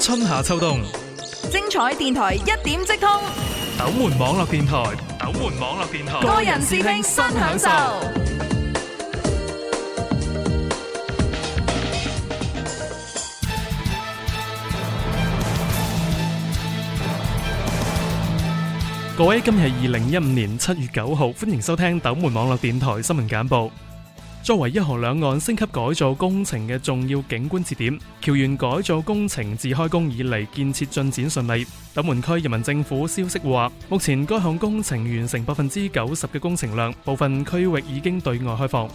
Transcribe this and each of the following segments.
春夏秋冬，精彩電台一點即通。斗門網絡電台，斗門網絡電台，個人視聽新享受。各位，今日係二零一五年七月九號，歡迎收聽斗門網絡電台新聞簡報。作為一河兩岸升級改造工程嘅重要景觀節點，橋園改造工程自開工以嚟建設進展順利。斗門區人民政府消息話，目前該項工程完成百分之九十嘅工程量，部分區域已經對外開放。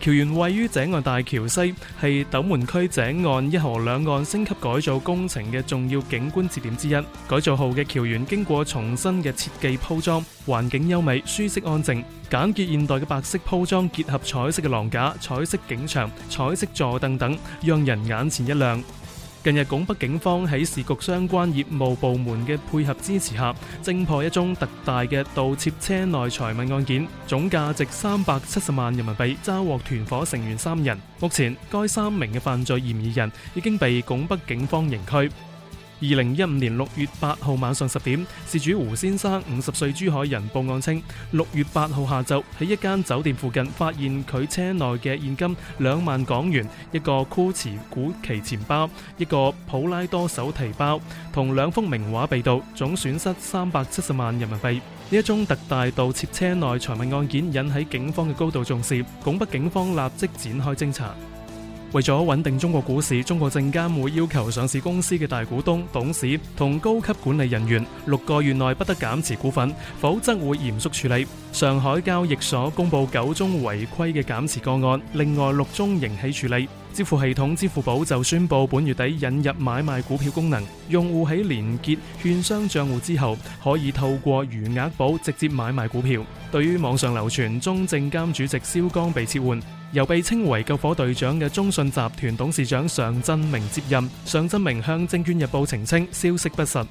橋園位於井岸大橋西，係斗門區井岸一河兩岸升級改造工程嘅重要景觀節點之一。改造後嘅橋園經過重新嘅設計鋪裝，環境優美、舒適安靜、簡潔現代嘅白色鋪裝結合彩色嘅廊架、彩色景牆、彩色坐凳等,等，讓人眼前一亮。近日，拱北警方喺市局相關業務部門嘅配合支持下，偵破一宗特大嘅盜竊車內財物案件，總價值三百七十萬人民幣，抓獲團伙成員三人。目前，該三名嘅犯罪嫌疑人已經被拱北警方刑拘。二零一五年六月八號晚上十點，事主胡先生五十歲，珠海人報案稱，六月八號下晝喺一間酒店附近發現佢車內嘅現金兩萬港元、一個酷馳古奇錢包、一個普拉多手提包同兩幅名畫被盜，總損失三百七十萬人民幣。呢一宗特大盜竊車內財物案件引起警方嘅高度重視，拱北警方立即展開偵查。為咗穩定中國股市，中國證監會要求上市公司嘅大股東、董事同高級管理人員六個月內不得減持股份，否則會嚴肅處理。上海交易所公布九宗違規嘅減持個案，另外六宗仍起處理。支付系統支付寶就宣布本月底引入買賣股票功能，用戶喺連結券商賬戶之後，可以透過餘額寶直接買賣股票。對於網上流傳中證監主席肖鋼被撤換，由被稱為救火隊長嘅中信集團董事長常振明接任。常振明向《證券日報》澄清消息不實。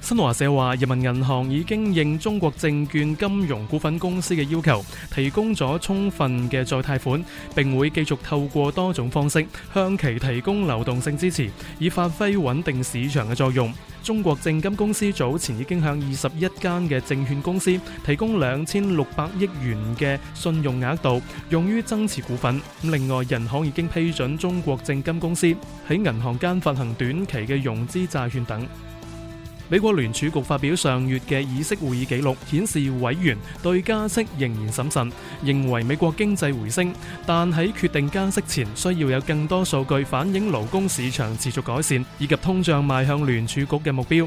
新華社話，人民銀行已經應中國證券金融股份公司嘅要求，提供咗充分嘅再貸款，並會繼續透過多種方式向其提供流動性支持，以發揮穩定市場嘅作用。中國證金公司早前已經向二十一間嘅證券公司提供兩千六百億元嘅信用額度，用於增持股份。咁另外，人行已經批准中國證金公司喺銀行間發行短期嘅融資債券等。美國聯儲局發表上月嘅議息會議記錄，顯示委員對加息仍然審慎，認為美國經濟回升，但喺決定加息前需要有更多數據反映勞工市場持續改善，以及通脹邁向聯儲局嘅目標。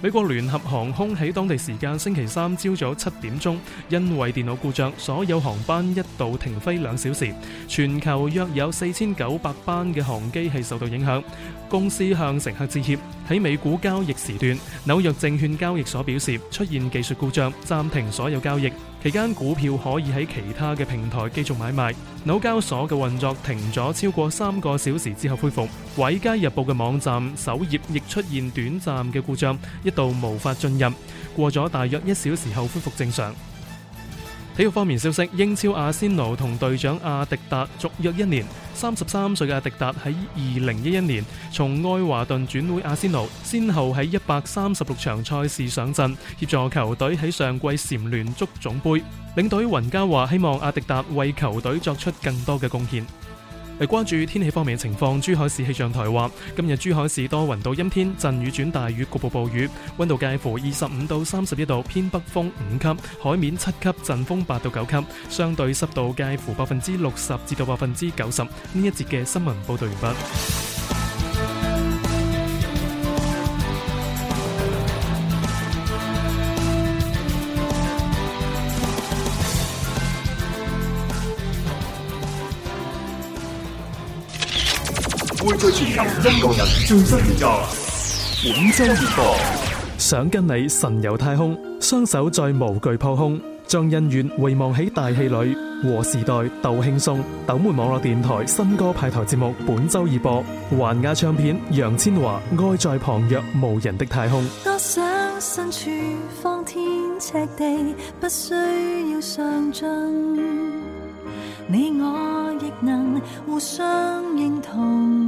美國聯合航空喺當地時間星期三朝早七點鐘，因為電腦故障，所有航班一度停飛兩小時。全球約有四千九百班嘅航機係受到影響。公司向乘客致歉。喺美股交易時段，紐約證券交易所表示出現技術故障，暫停所有交易。期間股票可以喺其他嘅平台繼續買賣。紐交所嘅運作停咗超過三個小時，之後恢復。《華爾街日報》嘅網站首頁亦出現短暫嘅故障，一度無法進入。過咗大約一小時後，恢復正常。體育方面消息，英超阿仙奴同隊長阿迪達續約一年。三十三歲嘅阿迪達喺二零一一年從愛華頓轉會阿仙奴，先後喺一百三十六場賽事上陣，協助球隊喺上季蟬聯足總杯。領隊雲加話希望阿迪達為球隊作出更多嘅貢獻。嚟關注天氣方面嘅情況，珠海市氣象台話今日珠海市多雲到陰天，陣雨轉大雨，局部暴雨，温度介乎二十五到三十一度，偏北風五級，海面七級陣風八到九級，相對濕度介乎百分之六十至到百分之九十。呢一節嘅新聞報道完畢。最，最新本周想跟你神遊太空，雙手再無懼。破空，將恩怨遺忘喺大氣裡，和時代鬥輕鬆。斗門網絡電台新歌派台節目，本周熱播。環亞唱片，楊千嬅《愛在旁若無人的太空》。多想身處方天赤地，不需要上進，你我亦能互相認同。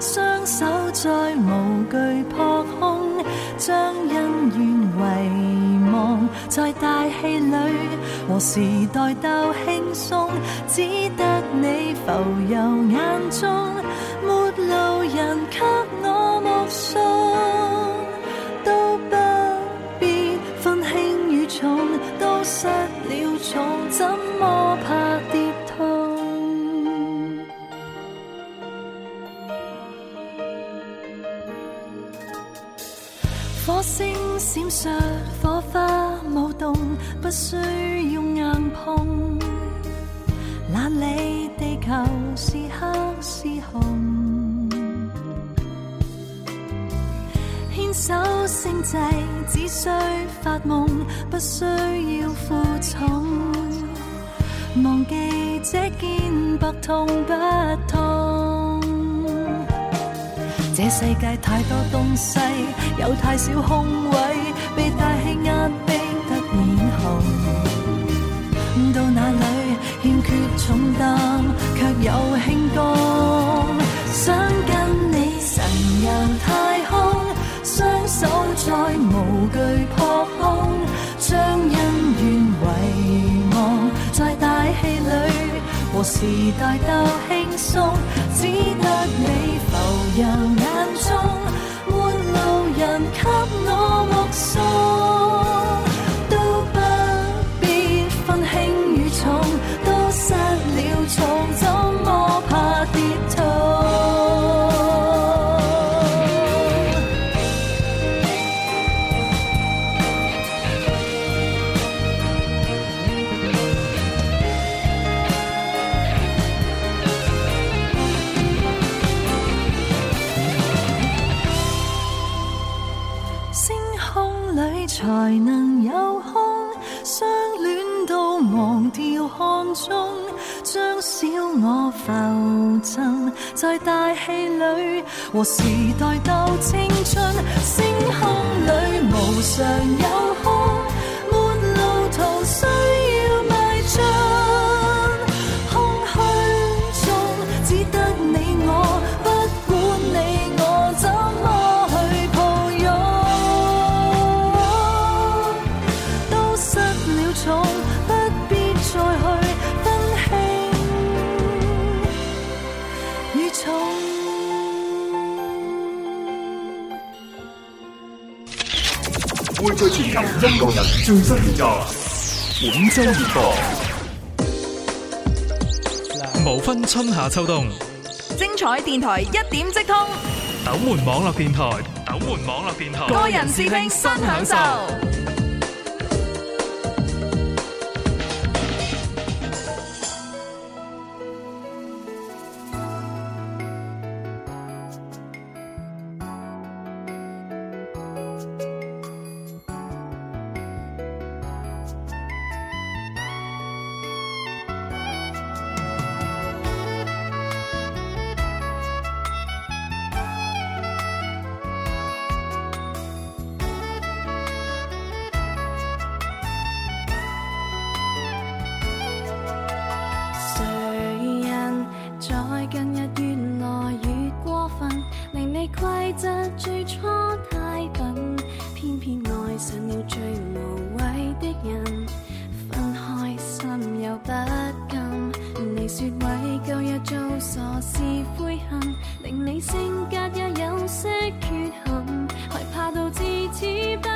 雙手再無懼撲空，將恩怨遺忘，在大氣裏和時代鬥輕鬆，只得你浮游眼中，沒路人給我目送。守星際，只需發夢，不需要負重。忘記這肩膊痛不痛。這世界太多東西，有太少空位，被大氣壓。 和時代鬥輕鬆，只得你浮游眼中。才能有空，相戀到忘掉看鐘，將小我浮沉在大氣裏和時代鬥青春，星空裏無常有空。香港人最新動作，本周熱播，無分春夏秋冬。精彩電台一點即通，鬥門網絡電台，鬥門網絡電台，個人視聽新享受。則最初太笨，偏偏愛上了最無謂的人，分開心又不甘。你說為舊日做傻事悔恨，令你性格也有些缺陷，害怕到至此不。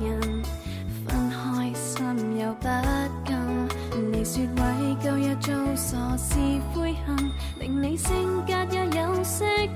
人分開心又不甘，你說為舊日做傻事悔恨，令你性格也有些。